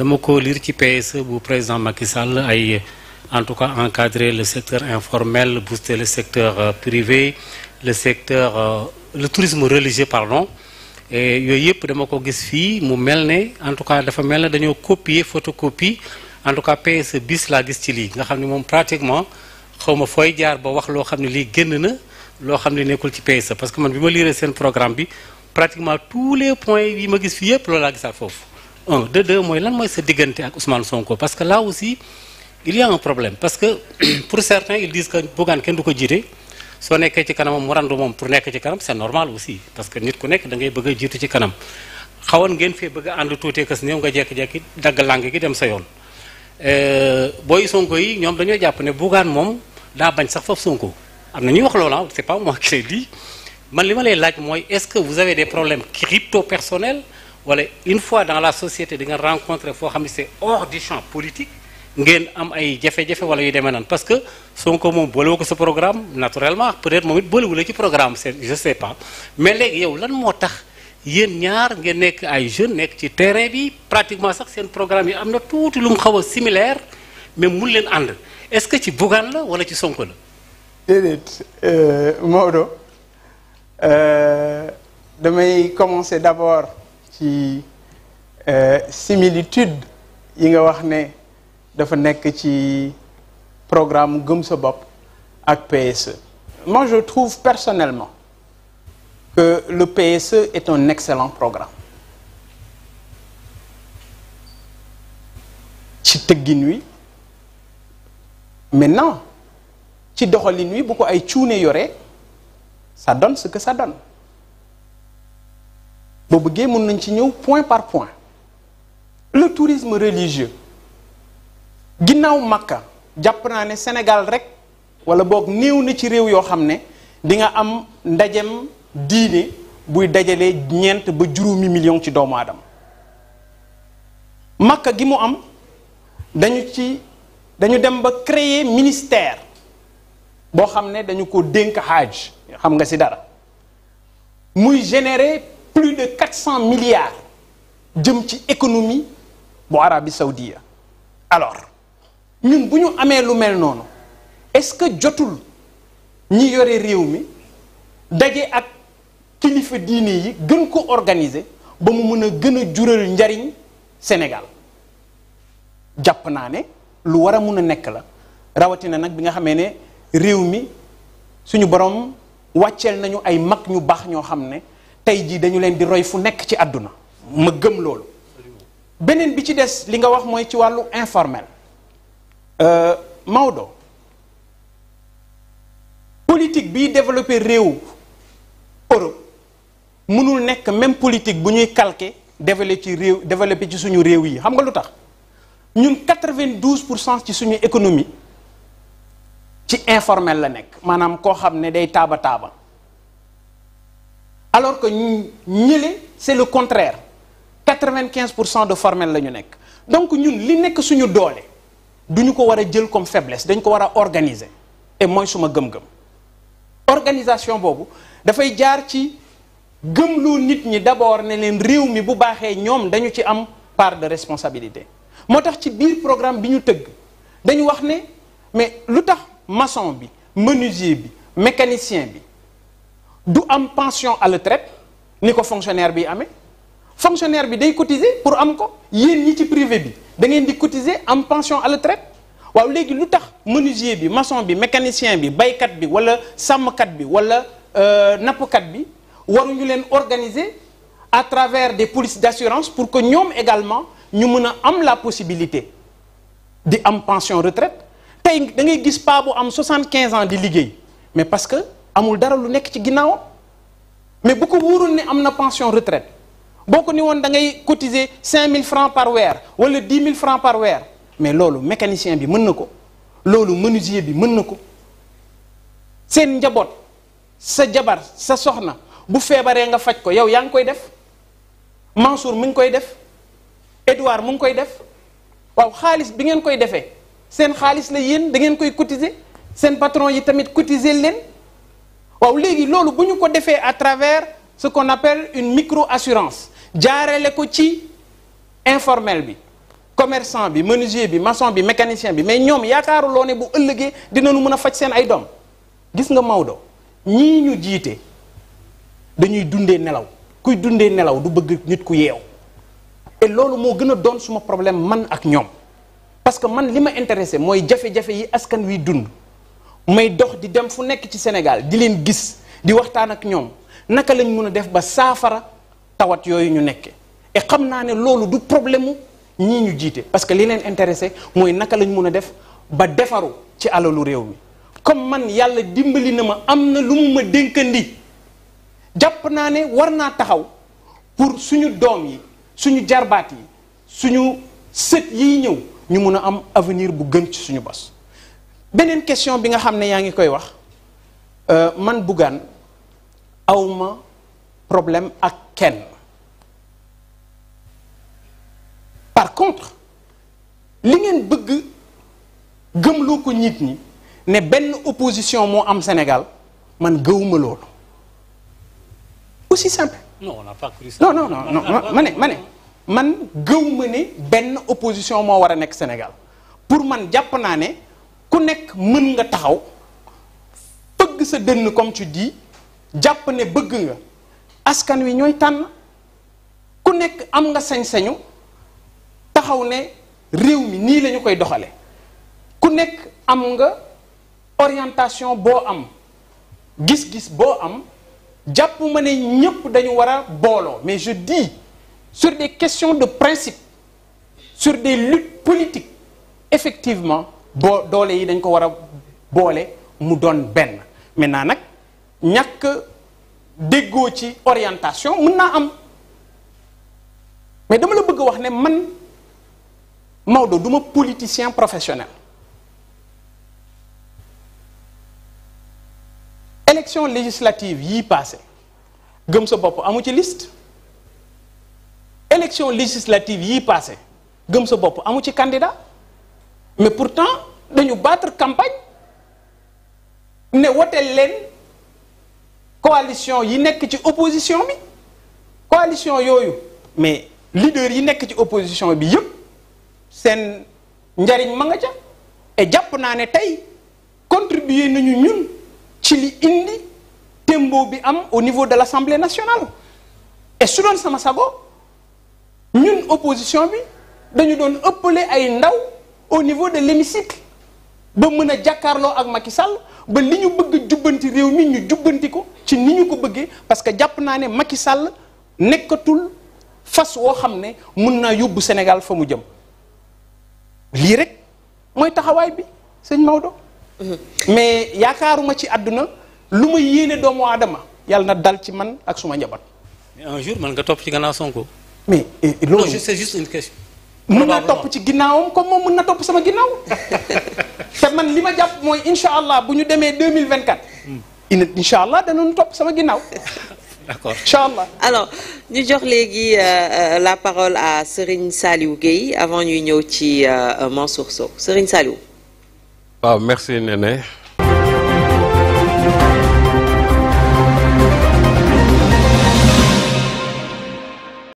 dama ko lire ci PSE bu président Macky Sall ay en tout cas encadrer le secteur informel booster le secteur euh, privé le secteur euh, le tourisme religieux pardon et yooyu yëpp dama ko gis fii mu mel ne en tout cas dafa mel ne dañoo copier photocopie en tout cas PSE bis laa gis ci lii nga xam ne moom pratiquement xaw ma fooy jaar ba wax loo xam ne lii génn na loo xam ne nekkul ci PSE parce que man bi ma liiree seen programme bi pratiquement tous les points yi ma gis yëpp loolu laa gisaat foofu un de deux mooy lan mooy sa diggante ak Ousmane Sonko parce que là aussi il y un problème parce que pour certains ils disent que Bougane kenn du ko jiite soo nekkee ci kanamam mu randu moom pour nekk ci kanam c'est normal aussi da a jiitu ci a euh, pas moi qui l'ai dit man li ma lay laaj mooy est-ce que vous avez des problèmes crypto personnels wala une fois dans la société di nga rencontrer foo xam ne c'est hors du champ politique ngeen am ay jafe-jafe wala yu demee naan parce que Sonko moom boolewoo ko sa programme naturellement peut-être moom it boolewu la ci programme c'est je sais yow lan moo tax yéen ñaar ngeen nekk ay jeunes nekk ci terrain bi pratiquement sax seen programme yi am na tuuti lu mu xaw a similaire mais mun leen ànd est-ce que ci Bougane la wala ci Sonko la. déedéet euh, Maodo euh, damay ci euh, similitude yi nga wax ne dafa nekk ci programme gëm sa bopp ak PSE moi je trouve personnellement que le PSE est un excellent programme ci tëggin wi maintenant ci doxalin wi bu ko ay cuune yore ça donne ce que ça donne boo bëggee mën nañ ci ñëw point par point le tourisme religieux ginnaaw Makka jàpp naa ne Sénégal rek wala boog néew na ci réew yoo xam ne di nga am ndajem diine buy dajale ñeent ba juróomi million ci doomu aadama Makka gi mu am dañu ci dañu dem ba créer ministère boo xam ne dañu ko dénk xaaj xam nga si dara muy générer plus de 400 milliards jëm ci économie bu Arabie Saoudia alors ñun bu ñu amee lu mel noonu est-ce que jotul ñi yore réew mi daje ak kilifa diine yi gën ko organiser ba mu mën a gën a jural njariñ Sénégal jàpp naa ne lu war a mun a nekk la rawatina nag bi nga xamee ne réew mi suñu borom wàcceel nañu ay mag ñu baax ñoo xam ne tey jii dañu leen di roy fu nekk ci àdduna ma gëm loolu beneen bi ci des li nga wax mooy ci wàllu informel euh, Maodo politique biy développé réew Europe mënul nekk même politique bu ñuy calqué développé ci réew développé ci suñu réew yi xam nga lu tax ñun 92 pour cent ci suñu économie ci informel la nekk maanaam koo xam ne day taaba taaba alors que ñële c'est le contraire quatre-vingt-quinze pour cent de formel la ñu nekk donc ñun li nekk suñu doole duñu ko war a jël comme faiblesse dañ ko war a organiser et mooy suma gëm-gëm organisation boobu dafay jaar ci gëm gëmloo nit ñi d'abord ne leen réew mi bu baaxee ñoom dañu ci am part de responsabilité moo tax ci biir programme bi ñu tëgg dañu wax ne mais lu tax maçon bi menuisier bi mécanisien bi du am pension à la ni ko fonctionnaire bi amee fonctionnaire bi day cotiser pour am ko yéen ñi ci privé bi dangeen di cotiser am pension à la retraite waaw léegi lu tax menuisier bi maçon bi mécanicien bi baykat bi wala sàmmkat bi wala euh, nappkat bi waruñu leen organiser à travers des polices d'assurance pour que ñoom également ñu mën a am la possibilité di am pension retraite tey da ngay gis pas bu am quinze ans di liggéey mais parce que amul dara lu nekk ci ginnaaw mais bu ko wóorul ne am na pension retraite boo ko ni woon da ngay cotiser mille francs par weer wala 10 mille francs par weer mais loolu mécanicien bi mën na ko loolu menuisier bi mën na ko seen njaboot sa jabar sa soxna bu feebaree nga faj ko yow yaa ngi koy def Mansour mu ngi koy def Edouard mu ngi koy def waaw xaalis bi ngeen koy defee seen xaalis la yéen da ngeen koy cotiser seen patron yi tamit cotiser leen. waaw léegi loolu bu ñu ko defee à travers ce qu'on appelle une micro assurance jaarale ko ci informel bi commerçant bi menuisier bi maçon bi mécanicien bi mais ñoom yaakaaruloo ne bu ëllëgee dinañu mën a faj seen ay doom gis nga Maodo ñii ñu jiite dañuy dundee nelaw kuy dundee nelaw du bëgg nit ku yeew et loolu moo gën a doon suma problème man ak ñoom parce que man li ma intéressé mooy jafe-jafe yi askan wi dund may dox di dem fu nekk ci Sénégal di leen gis di waxtaan ak ñoom naka lañ mun a def ba saafara tawat yooyu ñu nekke xam naa ne loolu du problème mu ñii ñu jiite parce que li leen intéressé mooy naka lañ mën a def ba defaru ci alalu réew mi comme man yàlla dimbali na ma am na lu mu ma dénkandi jàpp naa ne war naa taxaw pour suñu doom yi suñu jarbaat yi suñu sët yiy ñëw ñu mun a am avenir bu gën ci suñu bos beneen question bi nga xam ne yaa ngi koy wax euh, man Bougane awma problème ak kenn par contre li ngeen bëgg gëmloo ko nit ñi ne benn opposition moo am Sénégal man gëwuma loolu aussi simple. non on n'a pas cru ça. ma ne ma man gëwuma ne benn opposition moo war a nekk Sénégal pour man jàpp naa ne. ku nekk mën nga taxaw bëgg sa dënn comme tu dis jàpp ne bëgg nga askan wi ñooy tànn ku nekk am nga sañ-sañu taxaw ne réew mi nii lañu koy doxale ku nekk am nga orientation boo am gis-gis boo am jàpp ma ne ñépp dañu war a booloo mais je dis sur des questions de principe sur des luttes politiques effectivement boo doole yi dañ ko war a boole mu doon benn maintenant nag ñàkk déggoo ci orientation mun naa am mais dama la bëgg wax ne man Maodo du ma politicien professionnel élection législative yii passé gëm sa bopp amu ci list élection législative yii passé gëm sa bopp amu ci candidat mais pourtant dañu battre campagne ne woteel leen coalition yi nekk ci opposition bi coalition yooyu mais leader yi nekk ci opposition bi yëpp seen njariñ ma nga ca jàpp naa ne tey contribuer nañu ñun ci li indi tembo bi am au niveau de l'Assemblée nationale et su doon sama sago ñun opposition bi dañu doon ëppale ay ndaw au niveau de l'hémicycle ba mën a jàkkaarloo ak Macky Sall ba li ñu bëgg jubbanti réew mi ñu jubbanti ko ci ni ñu ko bëggee parce que jàpp naa ne Macky Sall nekkatul fas woo xam ne mun naa yóbbu Sénégal fa mu jëm lii rek mooy taxawaay bi sëñ Maodo. Mhm. mais yaakaaruma ci àdduna lu ma yéene doomu aadama yàlla na dal ci man ak suma njaboot. mais un man nga topp ci gannaaw Sonko. mais loolu c'est juste une question. mun naa topp ci ginnaawam comme mun na topp sama ginnaaw te man li ma jàpp mooy incha allah bu ñu demee 2024 hmm. ina incha allah danañu topp sama ginnaaw D'accord. Inch'Allah. Alors ñu jox léegi euh, euh, la parole à Serigne Saliou Gueye avant ñuy ñëw ci euh, Mansour Sow Serigne